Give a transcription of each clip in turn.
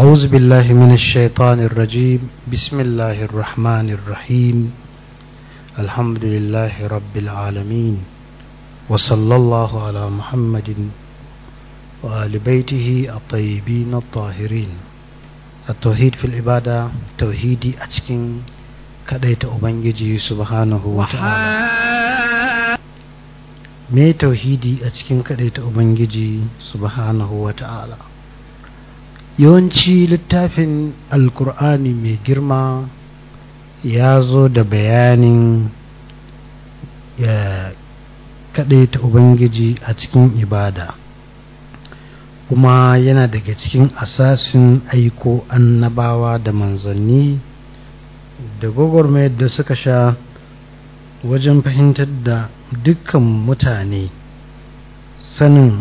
أعوذ بالله من الشيطان الرجيم بسم الله الرحمن الرحيم الحمد لله رب العالمين وصلى الله على محمد وآل بيته الطيبين الطاهرين التوحيد في العبادة توحيدي أتكين كديت أبنجي سبحانه وتعالى me tauhidi a cikin kaɗaita ubangiji subhanahu wa ta'ala yawanci littafin alkur'ani mai girma ya zo da bayanin ya ta ubangiji a cikin ibada kuma yana daga cikin asasin aiko annabawa da manzanni da gwagwarmayar da suka sha wajen fahimtar da dukkan mutane sanin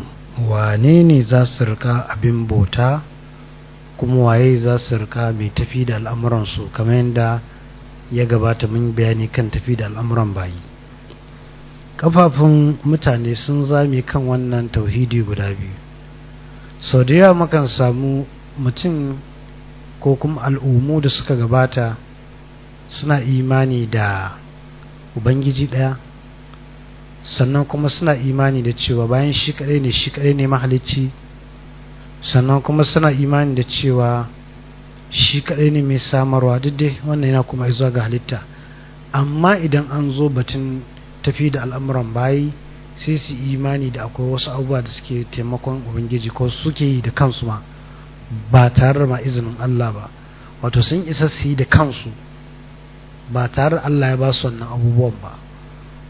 wane ne za su riƙa abin bauta kuma waye za su rika mai tafi da al'amuransu kamar yadda ya gabata mun bayani kan tafi da al'amuran bayi kafafun mutane sun zame kan wannan tauhidi guda biyu sau da yawa makan samu mutum ko kuma al'ummu da suka gabata suna imani da ubangiji ɗaya sannan kuma suna imani da cewa bayan shi kadai ne shi kadai ne mahalicci sannan kuma suna imani da cewa shi kaɗai ne mai samarwa dai wannan yana kuma zuwa ga halitta amma idan an zo batun tafi da al'amuran bayi sai su imani da akwai wasu abubuwa da suke taimakon ubangiji ko suke yi da kansu ma ba tare da izinin Allah ba wato sun isa su yi da kansu ba tare da Allah ya ba su wannan abubuwan ba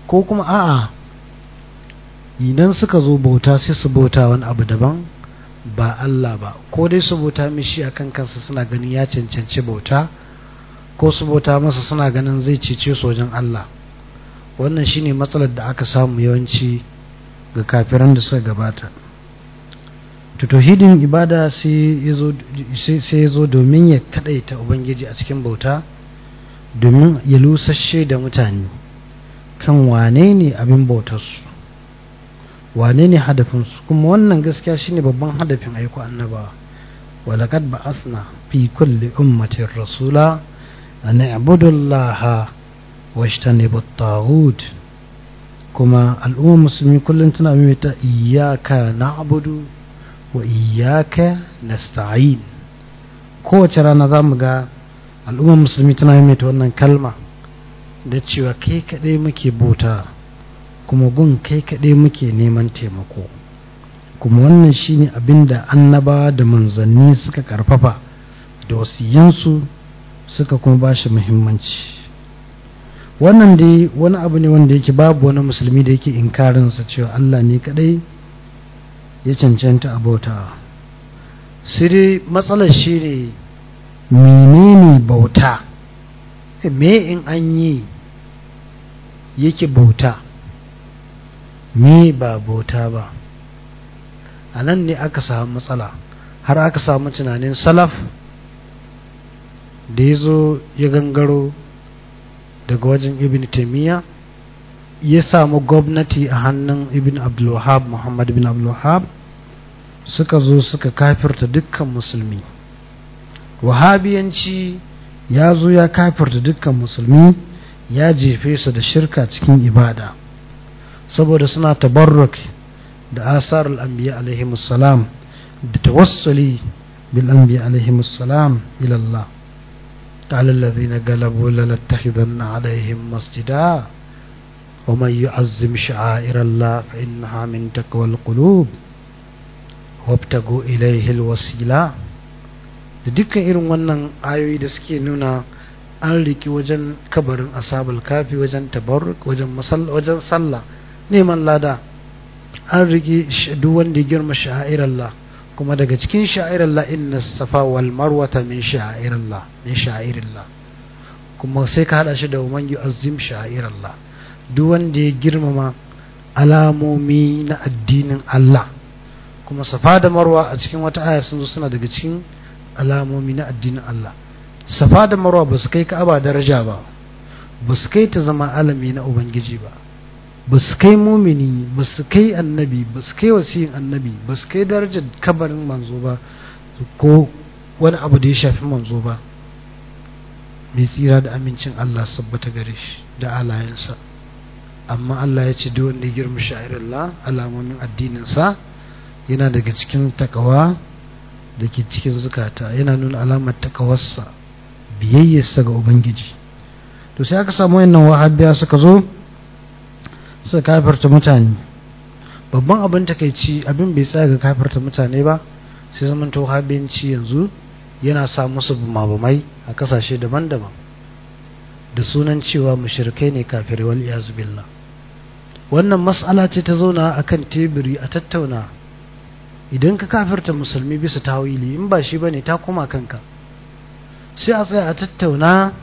ko kuma a'a idan suka zo bauta sai su bauta wani abu daban ba Allah ba ko dai su bauta mishi kan kansa suna ganin ya cancanci bauta ko su bauta masa suna ganin zai cece su wajen Allah wannan shine matsalar da aka samu yawanci ga kafiran da suka gabata tauhidin ibada sai ya zo domin ya kadaita ubangiji a cikin bauta domin ya lusashe da mutane kan wane ne abin bautarsu wane ne hadafinsu kuma wannan gaskiya shine babban hadafin aiko annaba walakad ba asna fi kulle ummatin rasula a na'abudullaha wa shi ta kuma al'umma musulmi kullum tana mimita iyaka na abudu wa iyaka na sta'in kowace rana za mu ga al'umma musulmi tana mimita wannan kalma da cewa kai kaɗai muke bota kuma gun kai kaɗai muke neman taimako kuma wannan shine abin da annaba da manzanni suka karfafa da wasiyansu suka kuma ba shi muhimmanci wannan dai wani abu ne wanda yake babu wani musulmi da yake inkarinsa cewa allah ne kaɗai ya cancanta abota sai matsalar shi ne menene bauta me in an yi yake bauta ni ba bota ba a nan ne aka samu matsala har aka samu tunanin salaf da ya zo ya gangaro daga wajen ibn taimiyya ya samu gwamnati a hannun ibn Abdullahab muhammad ibn Abdullahab suka zo suka kafirta dukkan musulmi wahabiyanci ya zo ya kafirta dukkan musulmi ya jefe su da shirka cikin ibada saboda suna tabarruk da asar al’ambiya alaihimussalam da tawassuli bil’ambiya alaihimussalam ilallah ƙalallazi na galabu lalattahidan na alaihim masjida wa mai yi azim sha’irallah fa inna hamin takawal kulub waftago ilaihil wasila da duka irin wannan ayoyi da suke nuna an riki wajen kabarin asabul kafi wajen tabarruk wajen sallah neman lada an rigi duk wanda girma sha'irallah kuma daga cikin sha'irallah inna safa wal marwata min sha'irallah min sha'irillah kuma sai ka hada shi da man yu'azzim sha'irallah duk wanda ya girmama alamomi na addinin Allah kuma safa da marwa a cikin wata aya sun zo suna daga cikin alamomi na addinin Allah safa da marwa ba su kai ka'aba daraja ba ba su kai ta zama alami na ubangiji ba ba su kai mumini ba su kai annabi ba su kai wasiyin annabi ba su kai darajar kabarin manzo ba ko wani abu da ya shafi manzo ba mai tsira da amincin Allah sabbata gare shi da alayensa amma Allah ya ce duk wanda ya girma la alamomin addininsa yana daga cikin takawa da ke cikin zukata yana nuna alamar takawarsa biyayyarsa ga ubangiji to sai aka samu wayannan wahabiya suka zo suka kafirta mutane babban abin takaici abin bai tsaya ga kafarta mutane ba sai zaman to habinci yanzu yana sa musu bumabumai a kasashe daban-daban da sunan cewa mushrikai ne kafirai wal billah wannan mas'ala ce ta zauna akan teburi a tattauna idan ka kafirta musulmi bisa ta tawili in ba shi bane ta koma kanka sai a tsaya a tattauna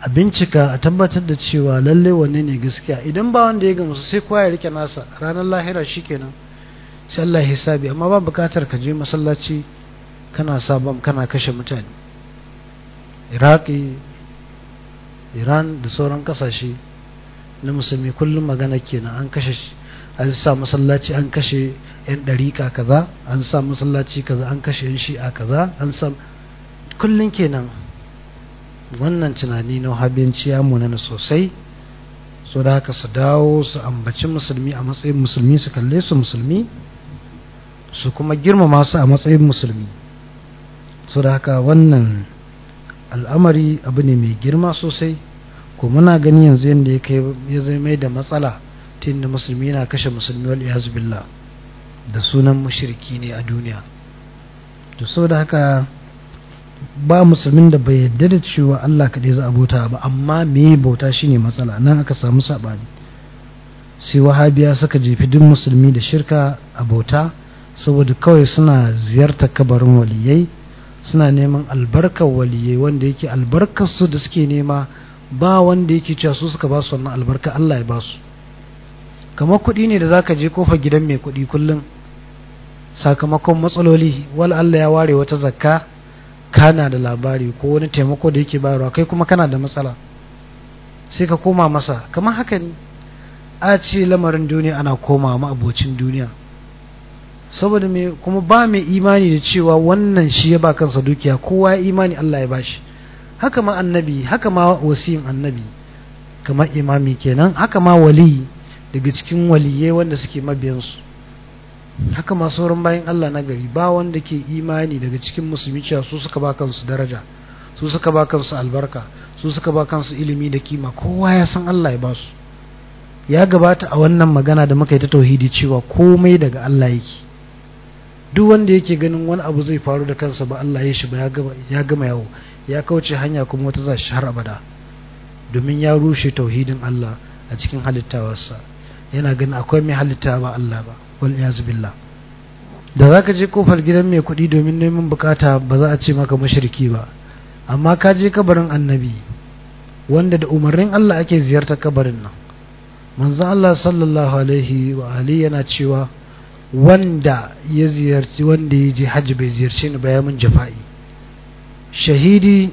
a bincika a tabbatar da cewa lalle wanne ne gaskiya idan ba wanda ya gamsu sai kowa ya rike nasa ranar lahira shikenan sai Allah hisabi amma ba bukatar ka je masallaci kana sabon kana kashe mutane iraki iran da sauran kasashe na musulmi kullum magana kenan an kashe an sa masallaci an kashe yan ɗarika kaza an sa masallaci kaza an kashe yan shi'a kaza an sa kullum kenan wannan tunani na wahabiyanci ya munana sosai so da haka su dawo su ambaci musulmi a matsayin musulmi su kalle su musulmi su kuma girmama su a matsayin musulmi so da haka wannan al'amari abu ne mai girma sosai ko muna gani yanzu yadda ya kai ya zama da matsala ta yadda musulmi na kashe musulmi wal billah da sunan mashirki ne a duniya to so da haka ba musulmin da bai yarda da cewa Allah kaɗai za a bauta ba amma me bauta shine matsala nan aka samu saɓani sai wahabiya suka jefi duk musulmi da shirka a bauta saboda kawai suna ziyartar kabarin waliyai suna neman albarkar waliyai wanda yake albarkar su da suke nema ba wanda yake cewa su suka ba su wannan albarka Allah ya ba su kamar kuɗi ne da zaka je kofa gidan mai kuɗi kullum sakamakon matsaloli wal Allah ya ware wata zakka kana da labari ko wani taimako da yake bayarwa kai kuma kana da matsala sai ka koma masa kamar haka ne a ce lamarin duniya ana koma ma abocin duniya saboda me kuma ba mai imani da cewa wannan shi ya ba kansa dukiya kowa ya imani Allah ya bashi haka ma annabi haka ma wasiyin annabi kamar imami kenan haka ma wali daga cikin waliyai wanda suke mabiyansu haka masu sauran bayan Allah na gari ba wanda ke imani daga cikin musulmi cewa su suka ba kansu daraja su suka ba kansu albarka su suka ba kansu ilimi da kima kowa ya san Allah ya ba su ya gabata a wannan magana da muka yi ta tauhidi cewa komai daga Allah yake duk wanda yake ganin wani abu zai faru da kansa ba Allah ya shi ba ya gama yawo ya kauce hanya kuma wata za shi har abada domin ya rushe tauhidin Allah a cikin halittawarsa yana ganin akwai mai halitta ba Allah ba wal’azubillah da za ka je kofar gidan mai kuɗi domin neman bukata ba za a ce maka mashirki ba amma ka je kabarin annabi wanda da umarnin Allah ake ziyartar kabarin nan manzo Allah sallallahu alaihi wa ali yana cewa wanda ya ziyarci wanda ya je hajji bai ziyarci ni ba ya mun jafa'i shahidi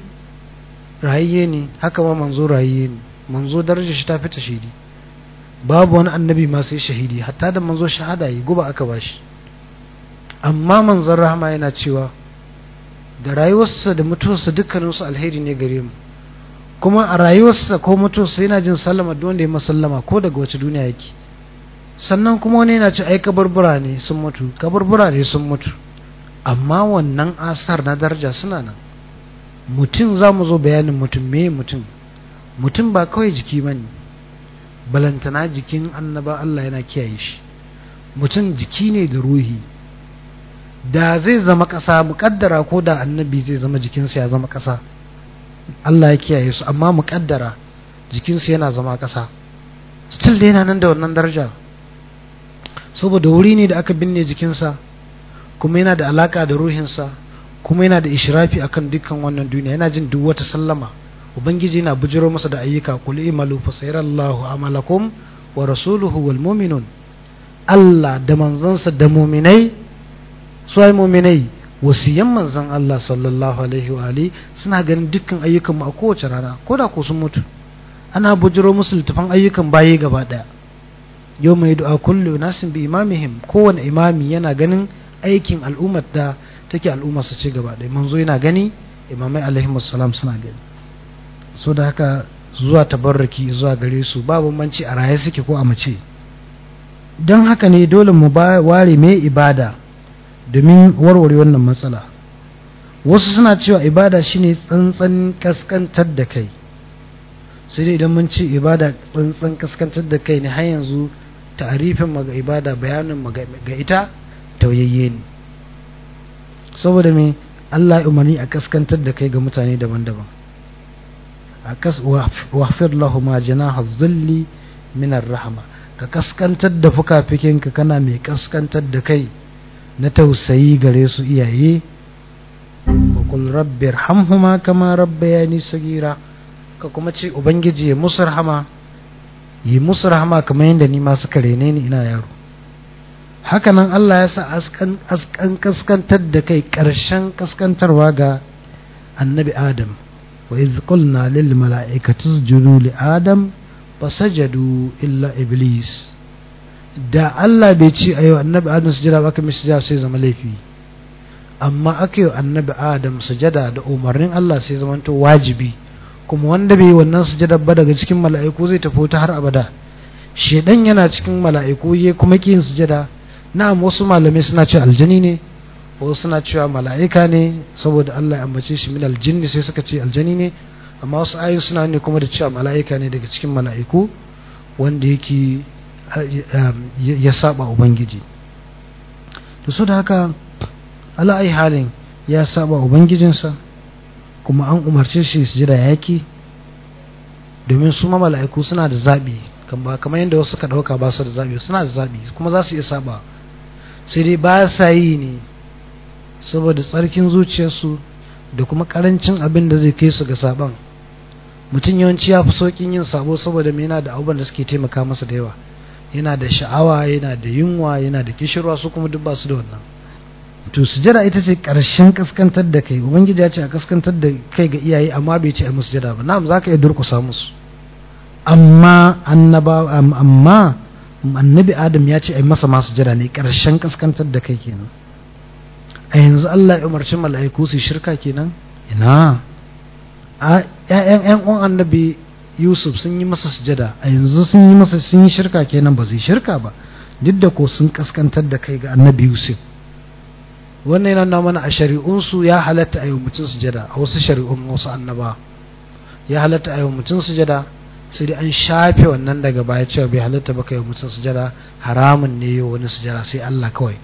rayiye ne haka ma manzo rayiye ne manzo darajar shi ta fita shahidi babu wani annabi ma sai shahidi hatta da manzo shahada yi guba aka bashi amma manzon rahama yana cewa da rayuwarsa da mutuwarsa dukkaninsu alheri ne gare mu kuma a rayuwarsa ko mutuwarsa yana jin sallama duk wanda ya masallama ko daga wace duniya yake sannan kuma wani yana ce ai kaburbura ne sun mutu kaburbura ne sun mutu amma wannan asar na daraja suna nan mutum za mu zo bayanin mutum me mutum mutum ba kawai jiki ba ne balantana jikin annaba Allah yana kiyaye shi mutum jiki ne da ruhi da zai zama ƙasa muƙaddara ko da annabi zai zama jikinsa ya zama ƙasa Allah ya kiyaye su amma muƙaddara jikinsa yana zama ƙasa still dai yana nan da wannan daraja saboda wuri ne da aka binne jikinsa kuma yana da alaƙa da ruhinsa kuma yana da ishirafi akan dukkan wannan duniya yana jin duk wata sallama ubangiji na bujiro masa da ayyuka kul imalu sayarallahu amalakum wa rasuluhu wal mu'minun Allah da manzansa da muminai su ai muminai wasiyan manzan Allah sallallahu alaihi wa ali suna ganin dukkan ayyukan mu a kowace rana ko da ko sun mutu ana bujiro musu littafan ayyukan baye gaba daya yau mai du'a kullu nasin bi imamihim kowane imami yana ganin aikin al'ummar da take al'ummar su ce gaba daya manzo yana gani imamai alaihi wassalam suna gani so da haka zuwa tabarruki zuwa gare su ba bambanci a raye suke ko a mace don haka ne dole mu ware mai ibada domin warware wannan matsala wasu suna cewa ibada shine tsantsan kaskantar da kai sai dai idan mun ce ibada tsantsan kaskantar da kai ne har yanzu ta'arifin ga ibada bayanin ga ita tauyayye ne saboda me Allah ya umarni a kaskantar da kai ga mutane daban-daban akas wahfir lahuma janaha dhulli minar rahama ka kaskantar da fukafikinka kana mai kaskantar da kai na tausayi gare su iyaye wa qul rabbi irhamhuma kama rabbayani sagira ka kuma ce ubangiji ya musu rahama yi musu rahama kamar yadda ni masu kare ne ni ina yaro hakanan Allah ya sa askan kaskantar da kai ƙarshen kaskantarwa ga annabi Adam وإذ قلنا للملائكة li adam فسجدوا illa iblis. da Allah bai ce ayo annabi Adam sujada ba kamar sujada sai zama laifi amma aka yi annabi Adam sujada da umarnin Allah sai zamanta to wajibi kuma wanda bai wannan sujada ba daga cikin mala'iku zai tafi ta har abada shedan yana cikin mala'iku ya kuma kiyin sujada na'am wasu malamai suna ce aljani ne wasu suna cewa mala'ika ne saboda Allah ya ambace shi min aljin sai suka ce aljani ne amma wasu ayoyi suna ne kuma da cewa mala'ika ne daga cikin mala'iku wanda yake um, ya saba ubangiji to su da haka ala halin ya saba ubangijinsa kuma an umarce shi su jira yaki domin su ma mala'iku suna da zabi kamar yadda wasu ka dauka ba su da zabi suna da zabi kuma za su iya saba sai dai ba sa yi ne saboda tsarkin zuciyarsu da kuma karancin abin da zai kai su ga saban mutum yawanci ya fi saukin yin sabo saboda mai yana da abubuwan da suke taimaka masa da yawa yana da sha'awa yana da yunwa yana da kishirwa su kuma duk ba su da wannan to sujada ita ce karshen kaskantar da kai ubangiji ya ce a kaskantar da kai ga iyaye amma bai ce a musu jada ba na'am zaka iya durkusa musu amma annaba amma annabi adam ya ce a yi masa masu jada ne karshen kaskantar da kai kenan a yanzu Allah ya umarci mala'iku su shirka kenan ina a ƴaƴan ƴan uwan annabi Yusuf sun yi masa sujada a yanzu sun yi masa sun yi shirka kenan ba su shirka ba duk da ko sun kaskantar da kai ga annabi Yusuf wannan yana nuna mana a shari'unsu ya halatta a yi mutum sujada a wasu shari'un wasu annaba ya halatta a yi mutum sujada sai dai an shafe wannan daga baya cewa bai halatta ba kai mutum sujada haramun ne yo wani sujada sai Allah kawai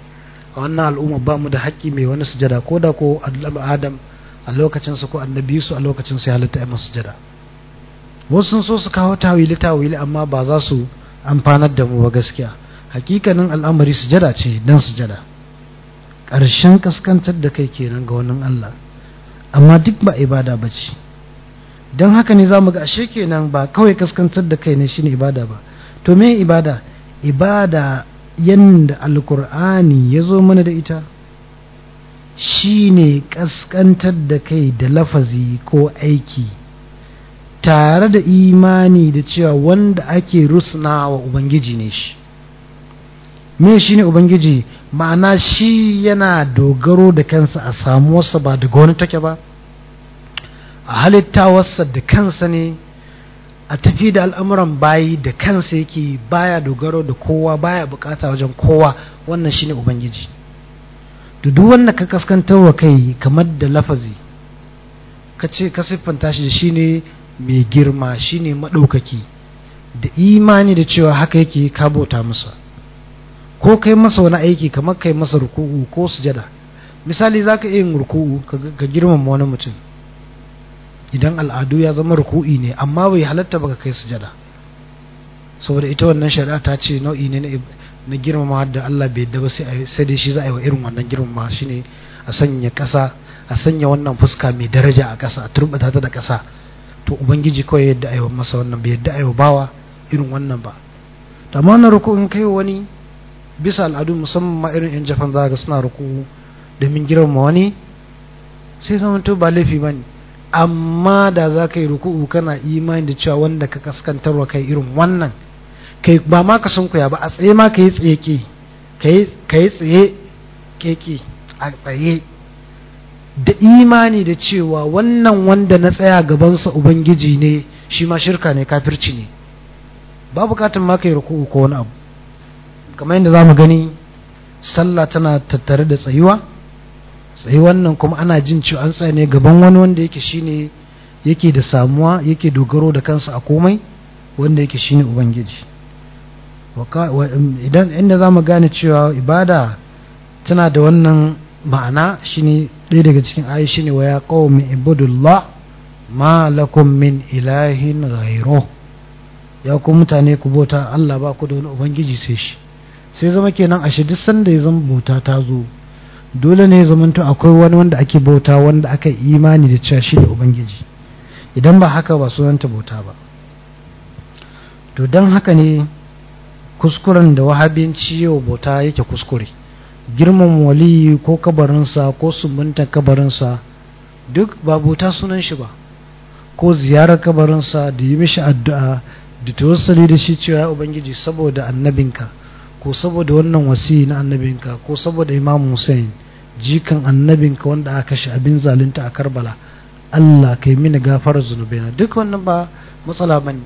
a wannan al'umma ba mu da haƙƙi mai wani sujada ko da ko adam a lokacin ko annabi su a lokacin su ya halitta ya masu sujada wasu sun so su kawo tawili tawili amma ba za su amfanar da mu ba gaskiya hakikanin al'amari sujada ce dan sujada ƙarshen kaskantar da kai kenan ga wannan Allah amma duk ba ibada ba ce don haka ne za mu ga ashe kenan ba kawai kaskantar da kai ne shine ibada ba to me ibada ibada yadda alkur'ani ya zo mana da ita shine ƙasƙantar da kai da lafazi ko aiki tare da imani da cewa wanda ake wa ubangiji ne shi me shi ne ubangiji ma'ana shi yana dogaro da kansa a samuwarsa ba daga wani take ba a halittawarsa da kansa ne a tafi da al'amuran bayi da kansa yake baya dogaro da kowa baya bukata wajen kowa wannan shine ubangiji duk wanda ka kaskantar wa kai kamar da lafazi ka ce ka siffanta shi shine mai girma shine maɗaukaki da imani da cewa haka yake ka bauta masa ko kai masa wani aiki kamar kai masa ruku'u ko sujada misali zaka iya yin ruku'u ka girmama wani mutum idan al'adu ya zama ruku'i ne amma bai halatta ba ka kai sujada saboda ita wannan shari'a ta ce nau'i ne na girmama da Allah bai yadda ba sai dai shi za a yi wa irin wannan girmama shine a sanya ƙasa a sanya wannan fuska mai daraja a ƙasa a turbata ta da ƙasa to ubangiji kawai yadda a yi masa wannan bai yadda a yi bawa irin wannan ba da ma ruku in kai wani bisa al'adu musamman ma irin yan jafan za ga suna ruku domin girmama wani sai zama to ba laifi ba ne amma da za ka yi ruku'u kana imani da cewa wanda ka kaskantarwa kai irin wannan kai ba ma ka kuya ba a tsaye ma ka tsaye ke ka yi tsaye keke a tsaye da imani da cewa wannan wanda na tsaya gabansa ubangiji ne shi ma shirka ne kafirci ne ba bukatun ma ka yi ruku'u ko wani abu kamar yadda za mu gani sallah tana tattare da tsayuwa sai eh, wannan kuma ana jin cewa an tsaya ne gaban wani wanda yake shine yake da samuwa yake dogaro da kansa a komai wanda yake shine ubangiji idan inda zamu gane cewa ibada tana da wannan ma'ana shine ɗaya daga cikin ayi shine wa ya qaumi ibudullah ma lakum min ilahin ghayru ya ku mutane ku bauta Allah ba ku da wani ubangiji sai shi sai zama kenan ashe duk sanda ya zama bauta ta zo dole ne zamanto akwai wani wanda ake bauta wanda aka imani da cewa shi da ubangiji idan ba haka ba sunanta bauta ba to don haka ne kuskuren da wahabinci yau bauta yake kuskure girman waliyi ko kabarinsa ko sumbunta kabarinsa duk ba bauta sunan shi ba ko ziyarar kabarinsa da yi mishi addu'a da tawassali da shi cewa ubangiji saboda annabinka ko saboda wannan wasi na annabinka ko saboda imam hussein jikan annabinka wanda aka kashe abin zalunta a karbala Allah kai mini gafarar zunubaina duk wannan ba matsala ne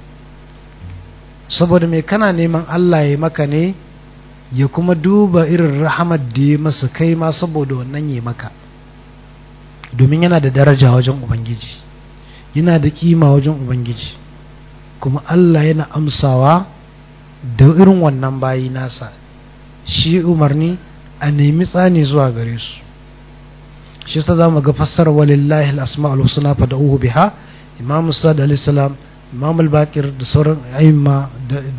saboda mai kana neman Allah ya maka ne ya kuma duba irin rahamar da ya masa kai ma saboda wannan ya maka domin yana da daraja wajen ubangiji yana da kima wajen ubangiji kuma Allah yana amsawa da irin wannan bayi nasa shi umarni a nemi tsani zuwa gare su shi sa za mu ga fassara walillahi al-asma'ul husna fa da'uhu biha imam sa'd alayhi salam imam al-bakir da sauran ayyuma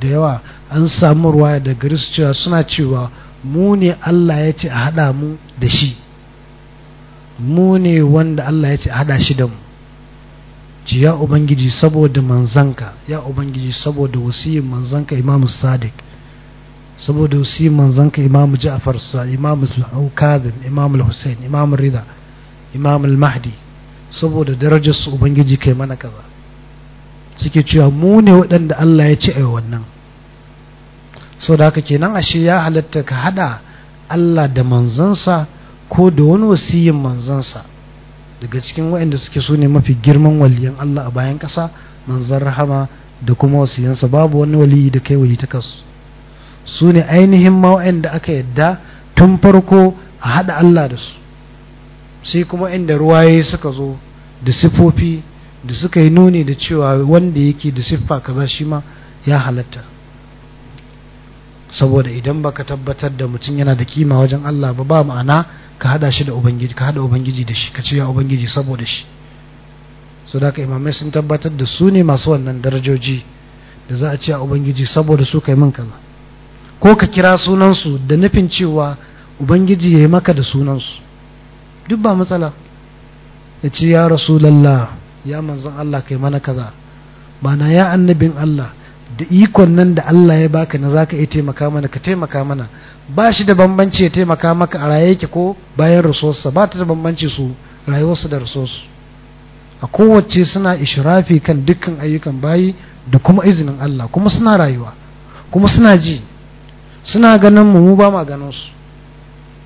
da yawa an samu ruwaya da gari su cewa suna cewa mu ne Allah ya ce a hada mu da shi mu ne wanda Allah ya ce a hada shi da mu ci ya ubangiji saboda manzanka ya ubangiji saboda wasiyin manzanka imam sadiq saboda su manzan ka imamu ja'far sa imamu al-kadhim imamu al imamu rida imamu mahdi saboda darajar su ubangiji kai mana kaza suke cewa mu ne waɗanda Allah ya ci ai wannan saboda haka kenan ashe ya halatta ka haɗa Allah da manzansa ko da wani wasiyin manzansa daga cikin waɗanda suke su ne mafi girman waliyan Allah a bayan ƙasa manzan rahama da kuma wasiyansa babu wani waliyi da kai wali ta kasu su ne ainihin mawa'in da aka yadda tun farko a haɗa Allah da su sai kuma inda ruwaye suka zo da siffofi da suka yi nuni da cewa wanda yake da siffa kaza shi ma ya halatta saboda idan baka tabbatar da mutum yana da kima wajen Allah ba ba ma'ana ka hada shi da ubangiji ka hada ubangiji da shi ka ce ya ubangiji saboda shi so da imamai sun tabbatar da su ne masu wannan darajoji da za a ce a ubangiji saboda su kai min kaza ko ka kira sunansu da nufin cewa ubangiji ya yi maka da sunansu duk ba matsala ya ce ya rasulallah ya manzon Allah kai mana kaza mana ya annabin Allah da ikon nan da Allah ya baka na zaka iya taimaka mana ka taimaka mana ba shi da bambanci ya taimaka maka a raye yake ko bayan rasuwarsa ba ta da bambanci su rayuwarsa da rasuwarsu a kowace suna ishirafi kan dukkan ayyukan bayi da kuma izinin Allah kuma suna rayuwa kuma suna ji suna ganin mu mu ba ma ganin su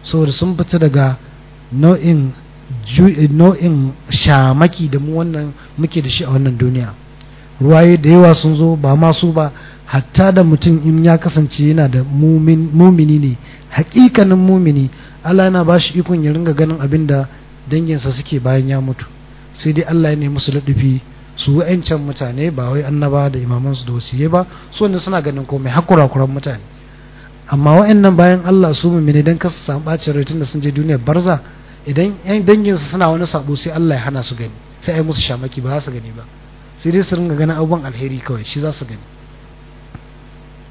saboda sun fita daga nau'in nau'in shamaki da mu wannan muke da shi a wannan duniya ruwaye da yawa sun zo ba masu ba hatta da mutum in ya kasance yana da mumini ne hakikanin mumini Allah yana ba shi ikon ya ringa ganin abin da danginsa suke bayan ya mutu sai dai Allah ya ne musu laɗufi su wa'ancan mutane ba wai annaba da imamansu da wasiye ba su wanda suna ganin komai hakura kuran mutane amma wa'annan bayan Allah su mumine dan kasu samu bacin rai tunda sun je duniyar barza idan yan dangin su suna wani sabo sai Allah ya hana su gani sai ai musu shamaki ba su gani ba sai dai su ringa ganin abubuwan alheri kawai shi za su gani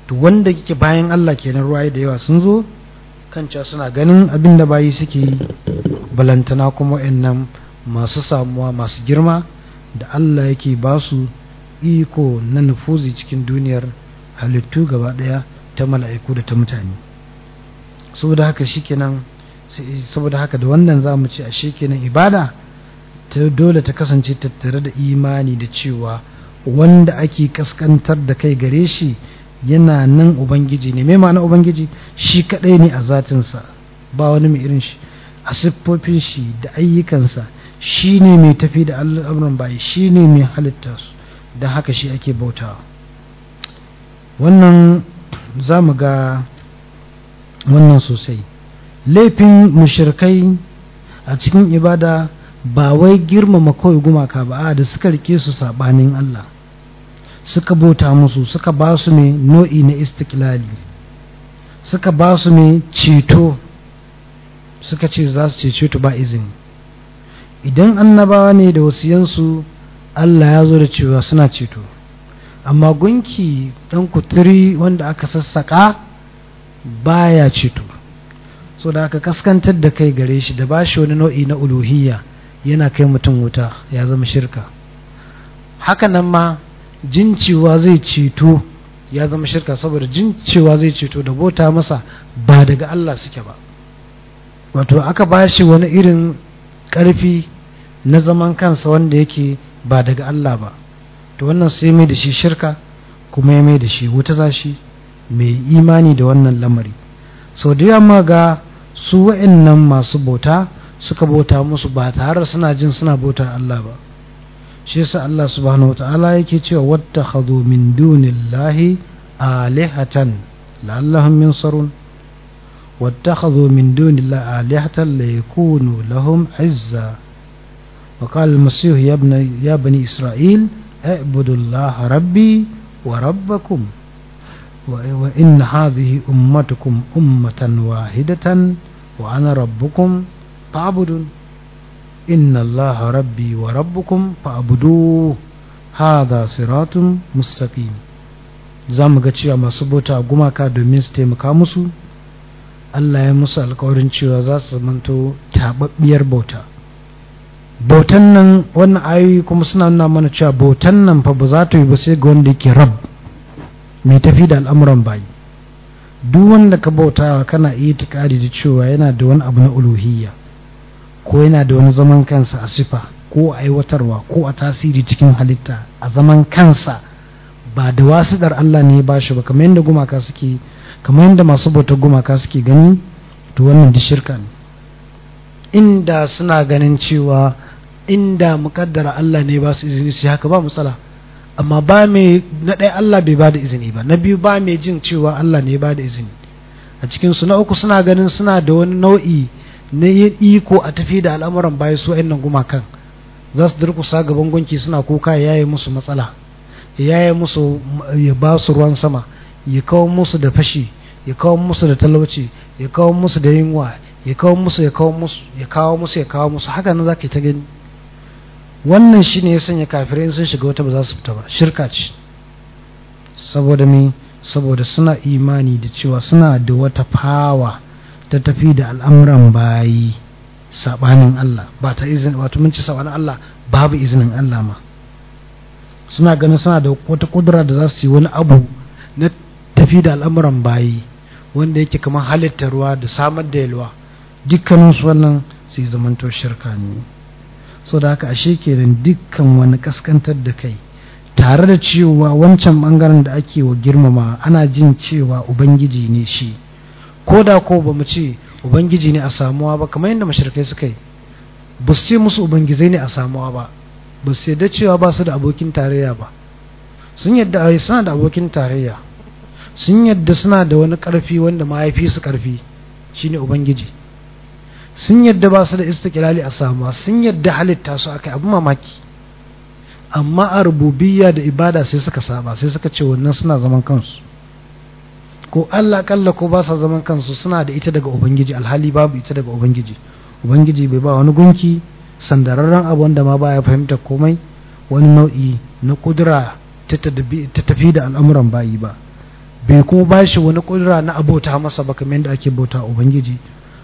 to wanda kike bayan Allah kenan ruwaye da yawa sun zo kanca suna ganin abin da bayi suke yi balantana kuma wa'annan masu samuwa masu girma da Allah yake ba su iko na nufuzi cikin duniyar halittu gaba ɗaya ta mala'iku da ta mutane saboda haka shikenan saboda haka da wannan zamu ce a shikenan ibada ta dole ta kasance tattare da imani da cewa wanda ake kaskantar da kai gare shi yana nan ubangiji ne mai ma'ana ubangiji shi kadai ne a zatinsa ba wani mai irin shi a siffofin shi da ayyukansa shi ne mai tafi da al'amuran bayi shi ne mai su don haka shi ake bautawa wannan za mu ga wannan sosai laifin mushirkai a cikin ibada ba wai girmama kawai gumaka ba da suka rike su saɓanin Allah suka bota musu suka ba su ne nau'i na istiklali suka ba su ne ceto suka ce za su ceto ba izini idan annabawa ne da wasu yansu Allah ya zo da cewa suna ceto amma gunki ɗan kuturi wanda aka sassaƙa baya cito so da aka kaskantar da kai gare shi da bashi wani nau'i na uluhiyya yana kai mutum wuta ya zama shirka hakanan ma jincewa zai ceto ya zama shirka saboda jincewa zai ceto da bota masa ba daga Allah suke ba wato aka bashi wani irin ƙarfi na zaman kansa wanda yake ba daga Allah ba to wannan sai mai da shi shirka kuma ya mai da shi wuta zashi mai imani da wannan lamari sau da yamma ga su wa'annan masu bauta suka bauta musu ba tare suna jin suna bauta Allah ba shi yasa Allah subhanahu ta'ala yake cewa wattakhadhu min dunillahi alihatan la'allahum yansarun واتخذوا من دون الله آلهة ليكونوا لهم عزا وقال المسيح يا, ابن ya bani isra'il. اعبدوا الله ربي وربكم وإن هذه أمتكم أمة واحدة وأنا ربكم فاعبدون إن الله ربي وربكم فاعبدوه هذا صراط مستقيم zamu ga cewa masu bauta a gumaka domin su taimaka musu Allah ya musu alkawarin cewa za su zamanto taɓaɓɓiyar bauta bautan nan wannan ayoyi kuma suna nuna mana cewa bautan nan fa ba za ta yi ba sai ga wanda yake rab mai tafi da al'amuran bayi duk wanda ka bautawa kana iya tikari da cewa yana da wani abu na uluhiyya ko yana da wani zaman kansa a sifa ko a aiwatarwa ko a tasiri cikin halitta a zaman kansa ba da wasiɗar Allah ne ya ba shi ba kamar yadda gumaka suke kamar yadda masu bautar gumaka suke gani to wannan da shirka ne inda suna ganin cewa inda mukaddara Allah ne ba su izini su haka ba matsala amma ba mai na ɗaya Allah bai ba da izini ba na biyu ba mai jin cewa Allah ne ba da izini a cikin su na uku suna ganin suna da wani nau'i na yin iko a tafi da al'amuran bayan su nan gumakan za su durkusa gaban gunki suna kuka ya yi musu matsala ya yi musu ya ba su ruwan sama ya kawo musu da fashi ya kawo musu da talauci ya kawo musu da yunwa ya kawo musu ya kawo musu ya kawo musu ya kawo musu haka nan zaka ta gani wannan shine ya sanya kafirai sun shiga wata ba za su fita ba shirka ce saboda me saboda suna imani da cewa suna da wata fawa ta tafi da al'amuran bayi sabanin Allah ba ta izini wato mun ci sabanin Allah babu izinin Allah ma suna ganin suna da wata kudura da za su yi wani abu na tafi da al'amuran bayi wanda yake kamar halitta ruwa da samar da yalwa dukkaninsu wannan sai zamanto shirka ne so da haka ashe kenan dukkan wani kaskantar da kai tare da cewa wancan bangaren da ake wa girmama ana jin cewa ubangiji ne shi ko da ko ba mu ce ubangiji ne a samuwa ba kamar yadda mashirkai suka yi ba su ce musu ubangizai ne a samuwa ba ba su yadda cewa ba su da abokin tarayya ba sun yadda eh, suna da abokin tarayya sun yadda suna da wani karfi wanda mahaifi su karfi shine ubangiji sun yadda ba su da istiklali a samuwa sun yadda halitta su aka abu mamaki amma a rububiyya da ibada sai suka saba sai suka ce wannan suna zaman kansu ko Allah kalla ko ba sa zaman kansu suna da ita daga ubangiji alhali babu ita daga ubangiji ubangiji bai ba wani gunki sandararren abu wanda ma baya fahimta komai wani nau'i na kudura ta tafi da al'amuran bayi ba bai kuma ba shi wani kudura na abota masa ba kamar yadda ake bauta ubangiji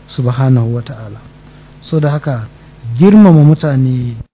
subhanahu wa ta'ala so da haka girmama mutane